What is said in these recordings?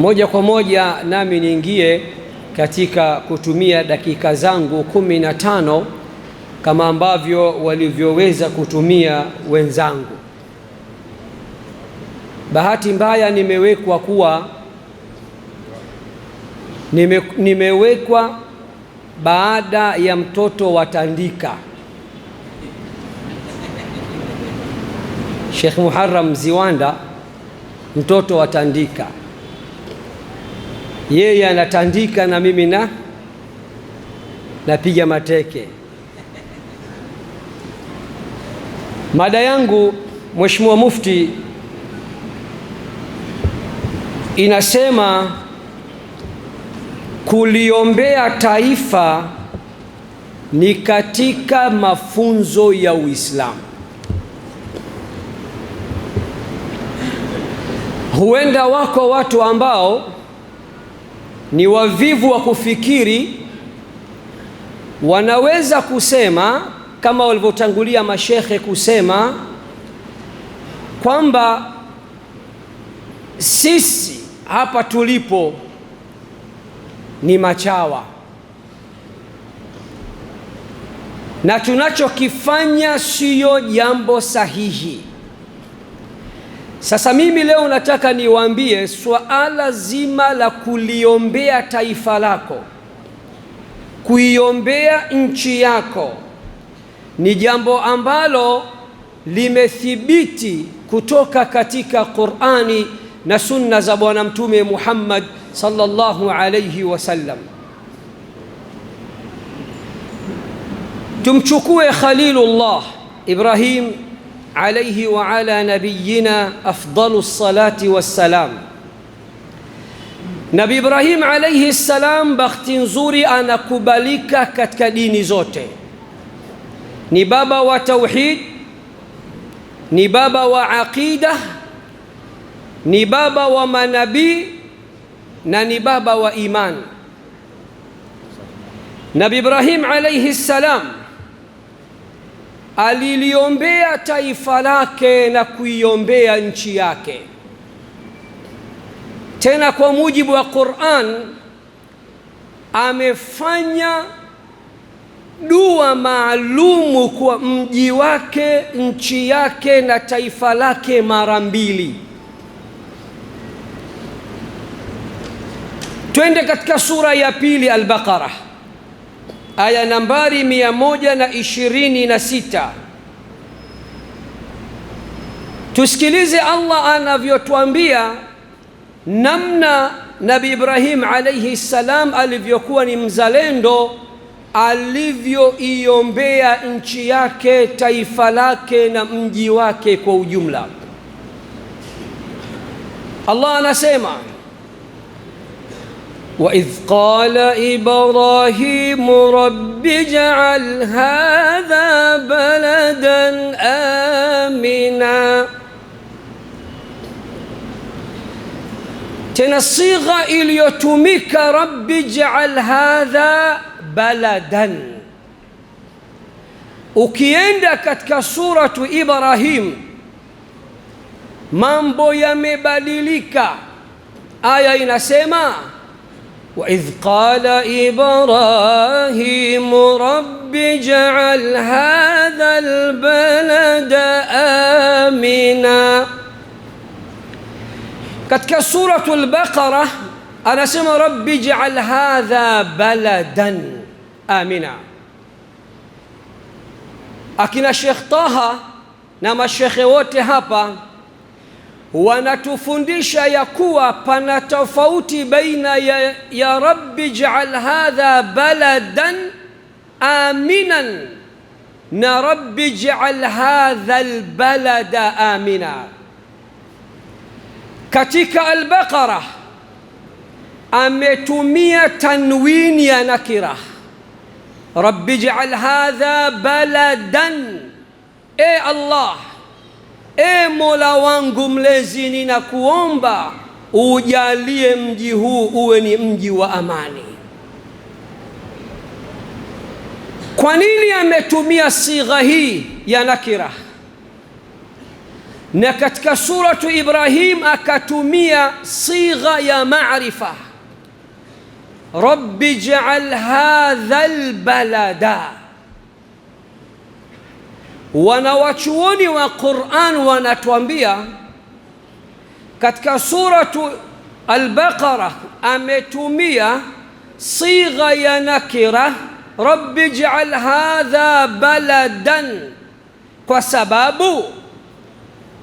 Moja kwa moja nami niingie katika kutumia dakika zangu kumi na tano kama ambavyo walivyoweza kutumia wenzangu. Bahati mbaya nimewekwa kuwa nime, nimewekwa baada ya mtoto wa Tandika Sheikh Muharram Ziwanda, mtoto wa Tandika yeye anatandika na mimi na napiga mateke. Mada yangu Mheshimiwa Mufti inasema kuliombea taifa ni katika mafunzo ya Uislamu. Huenda wako watu ambao ni wavivu wa kufikiri, wanaweza kusema kama walivyotangulia mashehe kusema kwamba sisi hapa tulipo ni machawa na tunachokifanya siyo jambo sahihi. Sasa mimi leo nataka niwaambie swala zima la kuliombea taifa lako, kuiombea nchi yako ni jambo ambalo limethibiti kutoka katika Qur'ani na sunna za Bwana Mtume Muhammad sallallahu alayhi wasallam. Tumchukue Khalilullah Ibrahim alaihi wa ala nabiyina afdalu salati wassalam. Nabi Ibrahim alaihi salam, bahati nzuri, anakubalika katika dini zote. Ni baba wa tauhid, ni baba wa aqida, ni baba wa manabii na ni baba wa iman. Nabi Ibrahim alaihi salam aliliombea taifa lake na kuiombea nchi yake. Tena kwa mujibu wa Qur'an, amefanya dua maalumu kwa mji wake, nchi yake na taifa lake mara mbili. Twende katika sura ya pili Al-Baqarah aya nambari mia moja na ishirini na sita. Tusikilize Allah anavyotuambia namna Nabi Ibrahim alaihi ssalam alivyokuwa ni mzalendo, alivyoiombea nchi yake, taifa lake na mji wake kwa ujumla. Allah anasema وإذ قال إبراهيم رب جعل هذا بلدا آمنا تنصيغ الصيغة إليوتوميك رب جعل هذا بلدا وكيندا كتك سورة إبراهيم مامبو يمي بليليكا آية نسيما آية وإذ قال إبراهيم رب جعل هذا البلد آمنا كتك سورة البقرة أنا سمى رب جعل هذا بلدا آمنا أكن الشيخ طه نما الشيخ وتهابا wanatufundisha ya kuwa pana tofauti baina ya, ya rabbi jaal hadha baladan aminan na rabbi jaal hadha albalada amina. Katika Albaqara ametumia tanwini ya nakira rabbi jaal hadha baladan, e Allah E Mola wangu Mlezi, ninakuomba ujalie mji huu uwe ni mji wa amani. Kwa nini ametumia sigha hii ya nakira na katika suratu Ibrahim akatumia sigha ya maarifa, rabbi jaal hadha lbalada Wanawachuoni wa Qur'an wanatuambia katika suratu Al-Baqara ametumia sigha ya nakira, rabbi ja'al hadha baladan, kwa sababu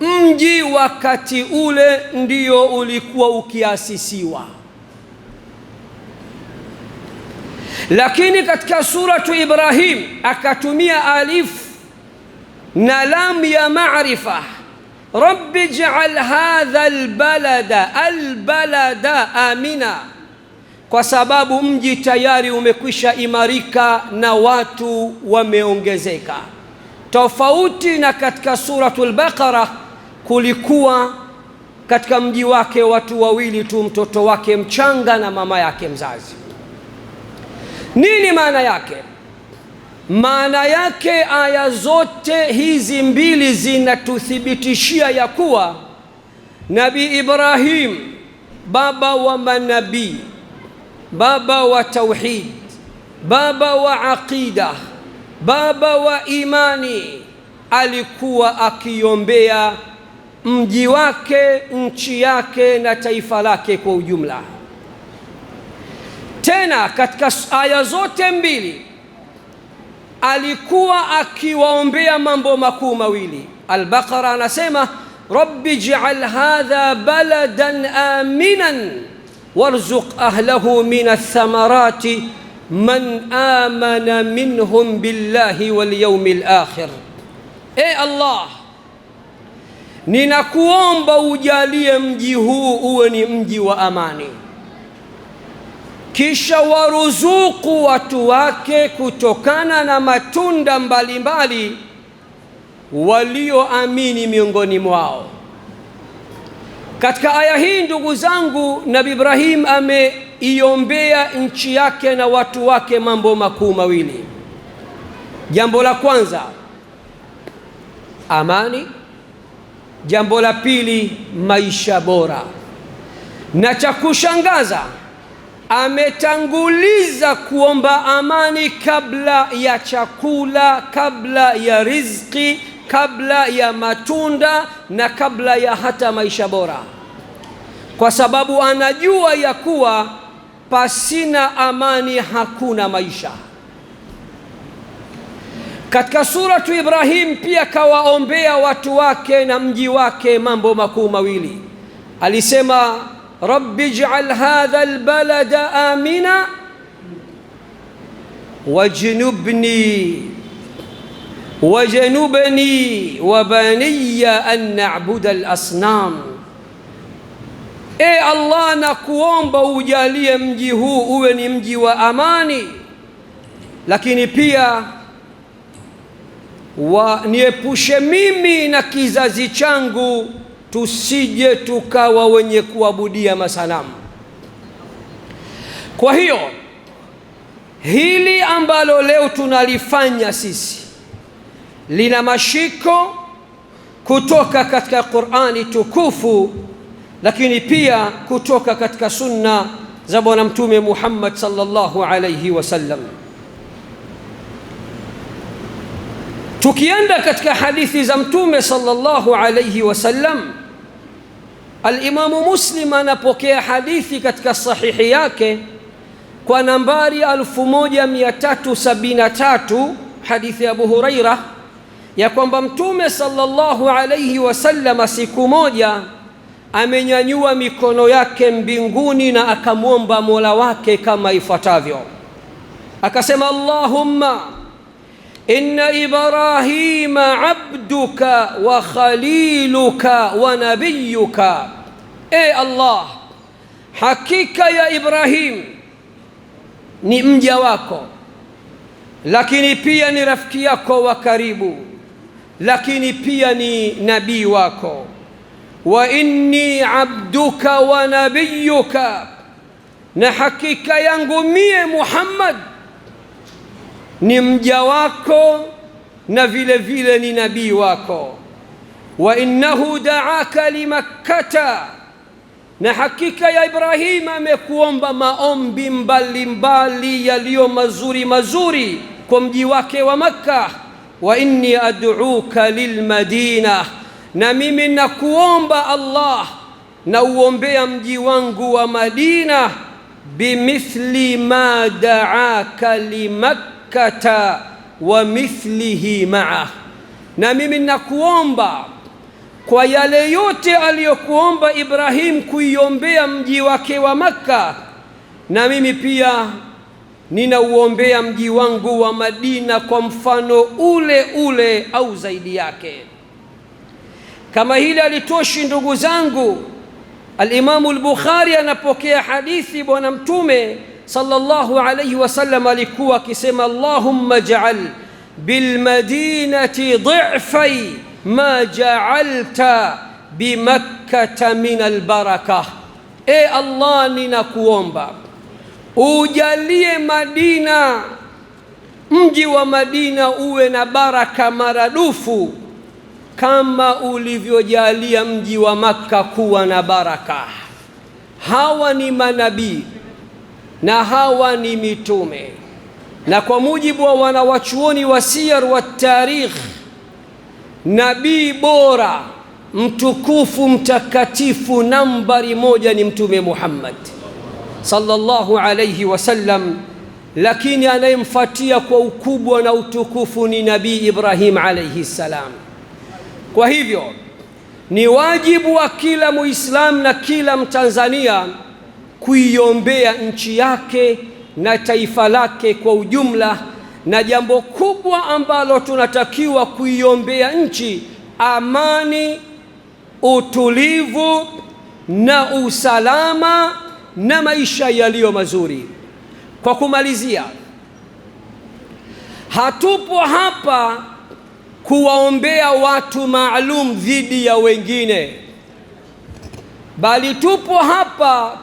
mji wakati ule ndio ulikuwa ukiasisiwa. Lakini katika suratu Ibrahim akatumia alif na lam ya marifa rabbi jaal hadha albalada albalada amina, kwa sababu mji tayari umekwisha imarika na watu wameongezeka. Tofauti na katika Suratul Baqara, kulikuwa katika mji wake watu wawili tu, mtoto wake mchanga na mama yake mzazi. Nini maana yake? Maana yake aya zote hizi mbili zinatuthibitishia ya kuwa Nabi Ibrahim baba wa manabii, baba wa tauhid, baba wa aqida, baba wa imani, alikuwa akiombea mji wake, nchi yake na taifa lake kwa ujumla. Tena katika aya zote mbili alikuwa akiwaombea mambo makuu mawili. Al-Baqara anasema rabbi ij'al hadha baladan aminan warzuq ahlahu min athamarati man amana minhum billahi wal yawmil akhir. E Allah, ninakuomba ujalie mji huu uwe ni mji wa amani kisha waruzuku watu wake kutokana na matunda mbalimbali walioamini miongoni mwao. Katika aya hii, ndugu zangu, Nabii Ibrahim ameiombea nchi yake na watu wake mambo makuu mawili. Jambo la kwanza amani, jambo la pili maisha bora. Na cha kushangaza ametanguliza kuomba amani kabla ya chakula, kabla ya riziki, kabla ya matunda na kabla ya hata maisha bora, kwa sababu anajua ya kuwa pasina amani hakuna maisha. Katika suratu Ibrahim pia kawaombea watu wake na mji wake mambo makuu mawili, alisema رب اجعل هذا البلد آمنا واجنبني وجنبني وبني أن نعبد الأصنام E Allah na kuomba ujalie mji huu uwe ni mji wa amani, lakini pia wa, niepushe mimi na kizazi changu tusije tukawa wenye kuabudia masanamu. Kwa hiyo hili ambalo leo tunalifanya sisi lina mashiko kutoka katika Qur'ani tukufu, lakini pia kutoka katika sunna za Bwana Mtume Muhammad sallallahu alayhi wasallam. Tukienda katika hadithi za Mtume sallallahu alayhi wasallam Alimamu Muslim anapokea hadithi katika sahihi yake kwa nambari 1373 hadithi ya Abu Huraira ya kwamba Mtume sallallahu alayhi wasallam siku moja amenyanyua mikono yake mbinguni na akamwomba Mola wake kama ifuatavyo, akasema Allahumma إن إبراهيم عبدك وخليلك ونبيك wa الله e يا إبراهيم ya Ibrahim ni mja wako, lakini pia ni rafiki yako wa karibu, lakini pia ni nabii wako. Wa inni abduka wa nabiyuka, na hakika yangu mie Muhammad ni mja wako na vile vile ni nabii wako. Wa innahu daaka limakkata, na hakika ya Ibrahim amekuomba maombi mbalimbali yaliyo mazuri mazuri kwa mji wake wa Makka. Wa inni ad'uka lilmadina, na mimi nakuomba Allah na uombea mji wangu wa Madina, bimithli ma daaka limakka makkata wa mithlihi maa, na mimi ninakuomba kwa yale yote aliyokuomba Ibrahim kuiombea mji wake wa Makka, na mimi pia ninauombea mji wangu wa Madina kwa mfano ule ule au zaidi yake. Kama hili alitoshi, ndugu zangu, Alimamu Al-Bukhari anapokea hadithi Bwana Mtume sallallahu alayhi wasallam alikuwa akisema allahumma jaal bilmadinati dhifai ma jaalta bimakkata min albaraka e allah ninakuomba ujalie madina mji wa madina uwe na baraka maradufu kama ulivyojalia mji wa makka kuwa na baraka hawa ni manabii na hawa ni mitume. Na kwa mujibu wa wanawachuoni wa siyar wa tarikh, nabii bora mtukufu mtakatifu nambari moja ni Mtume Muhammad sallallahu alayhi wasallam, lakini anayemfuatia kwa ukubwa na utukufu ni Nabii Ibrahim alayhi salam. Kwa hivyo ni wajibu wa kila Muislam na kila Mtanzania kuiombea nchi yake na taifa lake kwa ujumla, na jambo kubwa ambalo tunatakiwa kuiombea nchi, amani, utulivu na usalama na maisha yaliyo mazuri. Kwa kumalizia, hatupo hapa kuwaombea watu maalum dhidi ya wengine, bali tupo hapa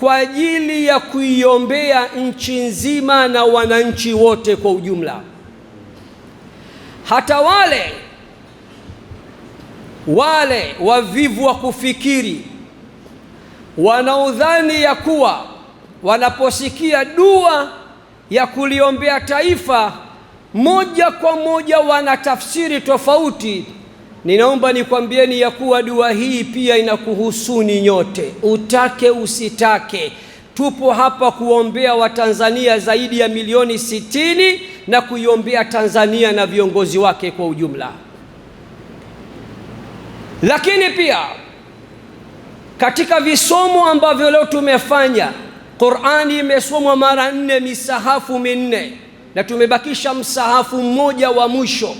kwa ajili ya kuiombea nchi nzima na wananchi wote kwa ujumla, hata wale wale wavivu wa kufikiri wanaodhani ya kuwa wanaposikia dua ya kuliombea taifa moja kwa moja wanatafsiri tofauti Ninaomba nikwambieni ya kuwa dua hii pia inakuhusuni nyote, utake usitake. Tupo hapa kuombea Watanzania zaidi ya milioni sitini na kuiombea Tanzania na viongozi wake kwa ujumla. Lakini pia katika visomo ambavyo leo tumefanya, Qur'ani imesomwa mara nne, misahafu minne, na tumebakisha msahafu mmoja wa mwisho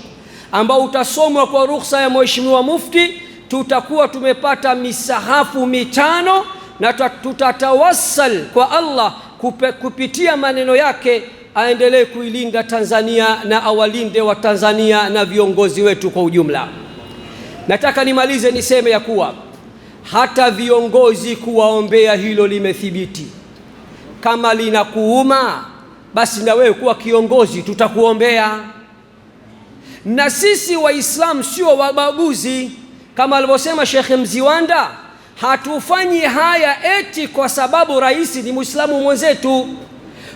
ambao utasomwa kwa ruhusa ya Mheshimiwa Mufti, tutakuwa tumepata misahafu mitano na tutatawassal kwa Allah kupe, kupitia maneno yake aendelee kuilinda Tanzania na awalinde wa Tanzania na viongozi wetu kwa ujumla. Nataka nimalize niseme ya kuwa hata viongozi kuwaombea hilo limethibiti. Kama linakuuma basi na wewe kuwa kiongozi, tutakuombea na sisi Waislamu sio wabaguzi, kama alivyosema Shekhe Mziwanda, hatufanyi haya eti kwa sababu rais ni mwislamu mwenzetu.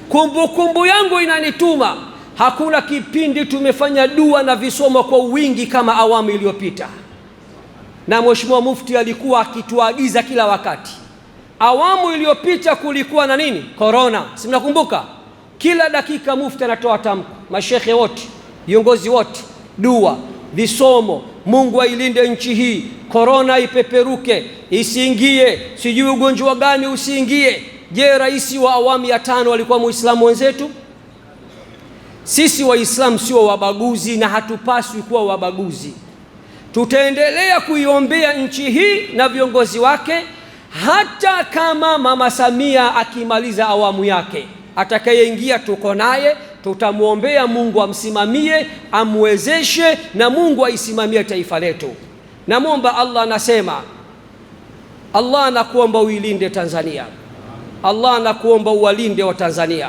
Kumbukumbu yangu inanituma hakuna kipindi tumefanya dua na visomo kwa wingi kama awamu iliyopita, na Mheshimiwa Mufti alikuwa akituagiza kila wakati. Awamu iliyopita kulikuwa na nini? Korona, si mnakumbuka? Kila dakika mufti anatoa tamko, mashekhe wote, viongozi wote dua, visomo. Mungu ailinde nchi hii, korona ipeperuke, isiingie, sijui ugonjwa gani usiingie. Je, rais wa awamu ya tano alikuwa muislamu wenzetu? Sisi waislamu sio wabaguzi na hatupaswi kuwa wabaguzi. Tutaendelea kuiombea nchi hii na viongozi wake, hata kama mama Samia akimaliza awamu yake, atakayeingia tuko naye tutamwombea Mungu amsimamie, amwezeshe na Mungu aisimamie taifa letu. Namwomba Allah, anasema Allah anakuomba uilinde Tanzania, Allah anakuomba uwalinde wa Tanzania,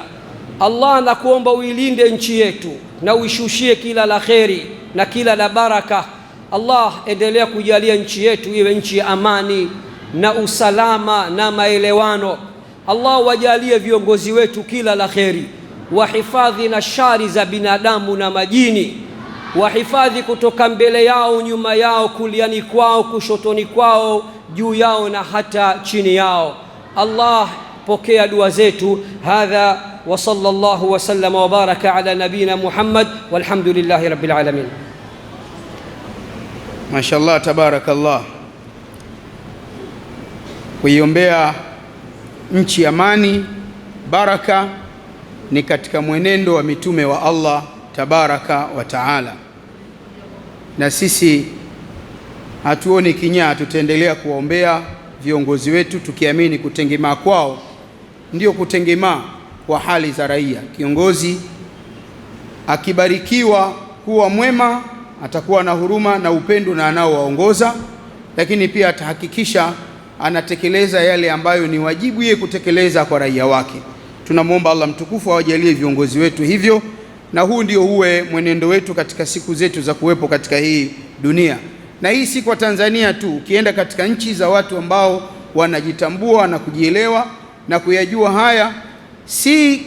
Allah anakuomba uilinde nchi yetu na uishushie kila la kheri na kila la baraka. Allah, endelea kujalia nchi yetu iwe nchi ya amani na usalama na maelewano. Allah, wajalie viongozi wetu kila la kheri wahifadhi na shari za binadamu na majini, wahifadhi kutoka mbele yao, nyuma yao, kuliani kwao, kushotoni kwao, juu yao na hata chini yao. Allah, pokea dua zetu. Hadha wa sallallahu wa sallama wa baraka ala nabina Muhammad walhamdulillahi rabbil alamin. Mashallah, tabarakallah. Kuiombea nchi amani, baraka ni katika mwenendo wa mitume wa Allah tabaraka wa taala, na sisi hatuoni kinyaa, tutaendelea kuwaombea viongozi wetu tukiamini kutengemaa kwao ndio kutengemaa kwa hali za raia. Kiongozi akibarikiwa kuwa mwema atakuwa na huruma na upendo na anaowaongoza, lakini pia atahakikisha anatekeleza yale ambayo ni wajibu yeye kutekeleza kwa raia wake. Tunamwomba Allah mtukufu awajalie viongozi wetu hivyo, na huu ndio uwe mwenendo wetu katika siku zetu za kuwepo katika hii dunia, na hii si kwa Tanzania tu. Ukienda katika nchi za watu ambao wanajitambua na kujielewa na kuyajua haya, si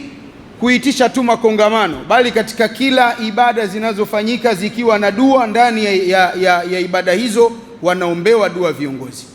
kuitisha tu makongamano, bali katika kila ibada zinazofanyika zikiwa na dua ndani ya, ya, ya ibada hizo wanaombewa dua viongozi.